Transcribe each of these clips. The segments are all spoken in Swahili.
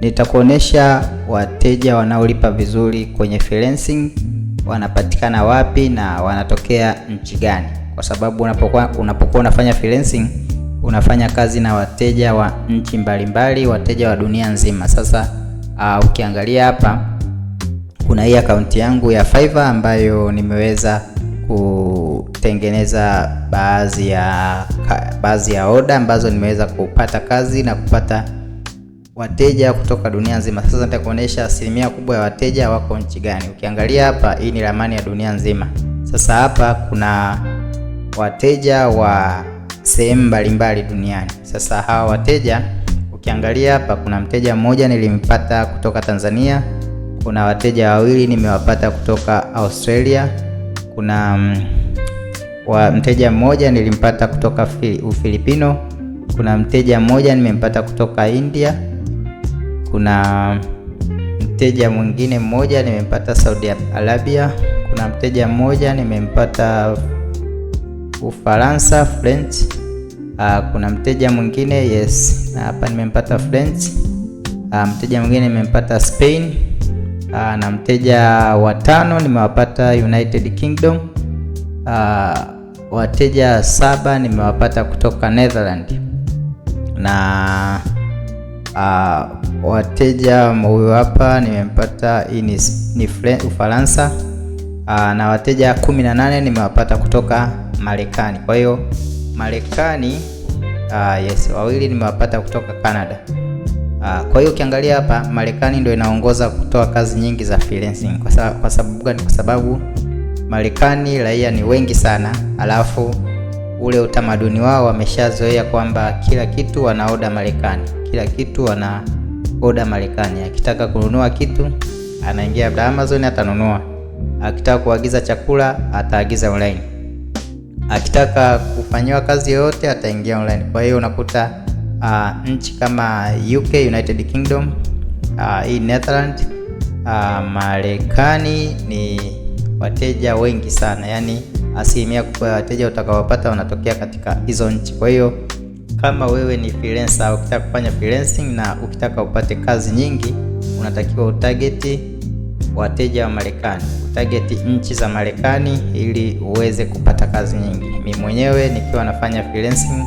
Nitakuonesha wateja wanaolipa vizuri kwenye freelancing wanapatikana wapi na wanatokea nchi gani, kwa sababu unapokuwa unapokuwa unafanya freelancing unafanya kazi na wateja wa nchi mbalimbali, wateja wa dunia nzima. Sasa uh, ukiangalia hapa kuna hii akaunti yangu ya Fiverr ambayo nimeweza kutengeneza baadhi ya baadhi ya oda ambazo nimeweza kupata kazi na kupata wateja kutoka dunia nzima. Sasa nitakuonyesha asilimia kubwa ya wateja wako nchi gani. Ukiangalia hapa, hii ni ramani ya dunia nzima. Sasa hapa kuna wateja wa sehemu mbalimbali duniani. Sasa hawa wateja ukiangalia hapa, kuna mteja mmoja nilimpata kutoka Tanzania, kuna wateja wawili nimewapata kutoka Australia, kuna mm, wa mteja mmoja nilimpata kutoka Ufilipino, kuna mteja mmoja nimempata kutoka India kuna mteja mwingine mmoja nimempata Saudi Arabia. Kuna mteja mmoja nimempata Ufaransa, French. Uh, kuna mteja mwingine yes, na hapa nimempata French. Uh, mteja mwingine nimempata Spain. Uh, na mteja watano nimewapata United Kingdom. Uh, wateja saba nimewapata kutoka Netherlands na Uh, wateja huyu hapa nimempata, hii ni, ni Ufaransa. Uh, na wateja 18 nimewapata kutoka Marekani. Kwa hiyo Marekani uh, yes, wawili nimewapata kutoka Canada. Uh, kwa hiyo ukiangalia hapa Marekani ndio inaongoza kutoa kazi nyingi za freelancing. Kwa sababu gani? Kwa sababu Marekani raia ni wengi sana, alafu ule utamaduni wao, wameshazoea kwamba kila kitu wanaoda Marekani, kila kitu wana oda Marekani. Akitaka kununua kitu anaingia labda Amazon atanunua, akitaka kuagiza chakula ataagiza online, akitaka kufanyiwa kazi yoyote ataingia online. Kwa hiyo unakuta uh, nchi kama UK, United Kingdom uh, hii Netherlands uh, Marekani ni wateja wengi sana yani asilimia kubwa ya wateja utakaowapata wanatokea katika hizo nchi. Kwa hiyo kama wewe ni freelancer au ukitaka kufanya freelancing na ukitaka upate kazi nyingi, unatakiwa utargeti wateja wa Marekani, utargeti nchi za Marekani ili uweze kupata kazi nyingi. Mimi mwenyewe nikiwa nafanya freelancing,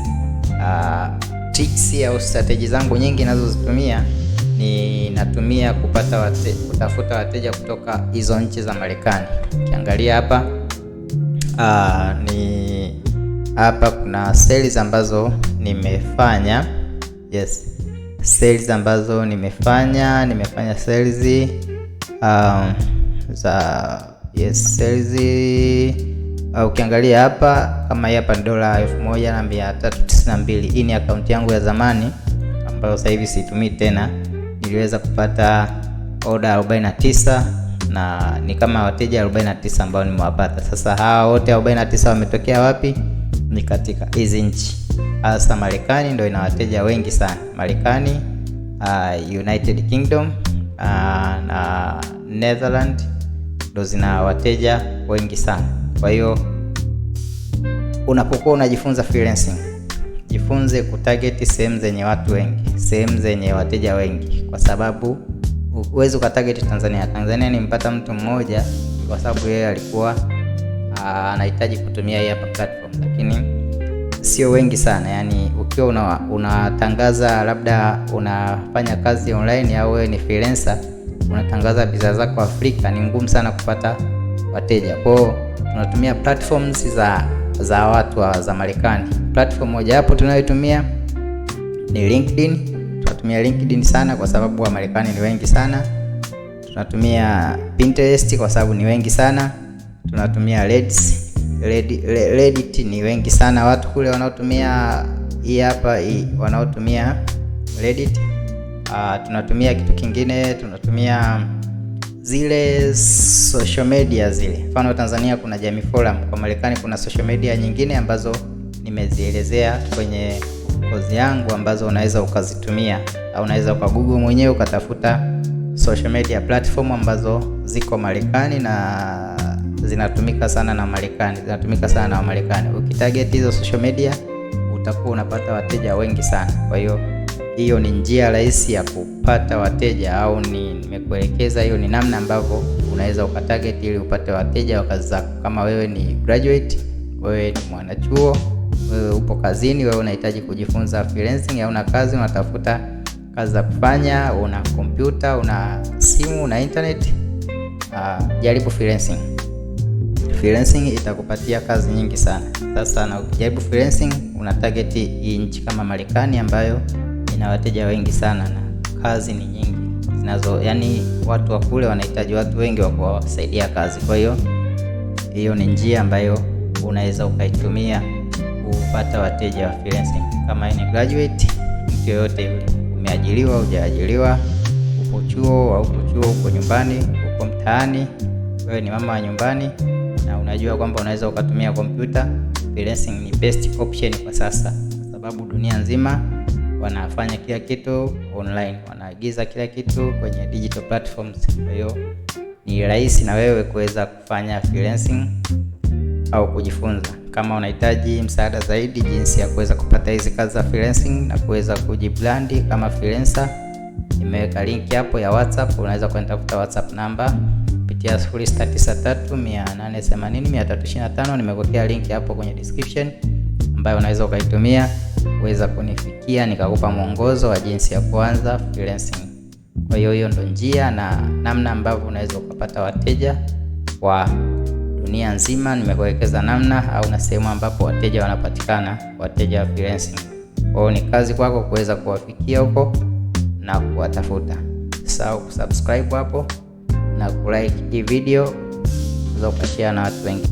uh, tricks au strategy zangu nyingi nazozitumia ni natumia kupata wate, kutafuta wateja kutoka hizo nchi za Marekani. Ukiangalia hapa Aa, ah, ni hapa kuna sales ambazo nimefanya yes, sales ambazo nimefanya nimefanya sales um, za yes sales uh, ah, ukiangalia hapa kama hii hapa ni dola 1392 na Hii ni akaunti yangu ya zamani ambayo sasa hivi siitumii tena. Niliweza kupata order 49 na ni kama wateja 49 ambao nimewapata. Sasa hawa wote 49 wametokea wapi? Ni katika hizi nchi, hasa Marekani ndio ina wateja wengi sana, Marekani, uh, United Kingdom uh, na Netherlands ndo zina wateja wengi sana. Kwa hiyo unapokuwa unajifunza freelancing, jifunze kutarget sehemu zenye watu wengi, sehemu zenye wateja wengi, kwa sababu huwezi ukatarget Tanzania. Tanzania nimpata mtu mmoja kwa sababu yeye alikuwa ah, anahitaji kutumia hii hapa platform, lakini sio wengi sana. Yani ukiwa una, unatangaza labda unafanya kazi online au wewe ni freelancer unatangaza bidhaa zako Afrika, ni ngumu sana kupata wateja. Kwao tunatumia platforms za za watu wa, za Marekani. Platform hapo tunayotumia ni LinkedIn tunatumia LinkedIn sana kwa sababu Marekani ni wengi sana. Tunatumia Pinterest kwa sababu ni wengi sana. Tunatumia Reddit. Reddit, Reddit ni wengi sana watu kule wanaotumia hii hapa hii wanaotumia Reddit. Uh, tunatumia kitu kingine, tunatumia zile social media zile. Mfano Tanzania kuna Jamii Forum, kwa Marekani kuna social media nyingine ambazo nimezielezea kwenye kozi yangu ambazo unaweza ukazitumia au unaweza Google mwenyewe ukatafuta social media platform ambazo ziko Marekani na zinatumika sana na Marekani, zinatumika sana na Marekani. Ukitarget hizo social media utakuwa unapata wateja wengi sana. Kwa hiyo hiyo ni njia rahisi ya kupata wateja, au ni nimekuelekeza, hiyo ni namna ambavyo unaweza ukatarget ili upate wateja wa kazi zako. Kama wewe ni graduate, wewe ni mwanachuo wewe upo kazini, wewe unahitaji kujifunza freelancing, una kazi, unatafuta kazi za kufanya, una kompyuta, una simu, una internet, uh, jaribu freelancing. Freelancing itakupatia kazi nyingi sana. Sasa na ukijaribu freelancing, una target nchi kama Marekani ambayo ina wateja wengi sana na kazi ni nyingi zinazo, yani watu wa kule wanahitaji watu wengi wa kuwasaidia kazi. Kwa hiyo hiyo ni njia ambayo unaweza ukaitumia kupata wateja wa freelancing. Kama ni graduate, mtu yoyote yule, umeajiriwa, hujaajiriwa, uko chuo au uko chuo, uko nyumbani, uko mtaani, wewe ni mama wa nyumbani na unajua kwamba unaweza ukatumia kompyuta, freelancing ni best option kwa sasa, kwa sababu dunia nzima wanafanya kila kitu online, wanaagiza kila kitu kwenye digital platforms. Kwa hiyo ni rahisi na wewe kuweza kufanya freelancing au kujifunza. Kama unahitaji msaada zaidi jinsi ya kuweza kupata hizi kazi za freelancing na kuweza kujibrandi kama freelancer, nimeweka link hapo ya WhatsApp, unaweza kwenda kutafuta WhatsApp namba pitia 0693880325. Nimekuwekea link hapo kwenye description ambayo unaweza ukaitumia kuweza kunifikia nikakupa mwongozo wa jinsi ya kuanza freelancing. Kwa hiyo hiyo ndo njia na namna ambavyo unaweza ukapata wateja wa dunia nzima, nimekuelekeza namna au na sehemu ambapo wateja wanapatikana, wateja wa freelancing. Kwa hiyo ni kazi kwako kuweza kuwafikia huko na kuwatafuta. Usisahau kusubscribe hapo na kulike hii video, kuweza kushare na watu wengi.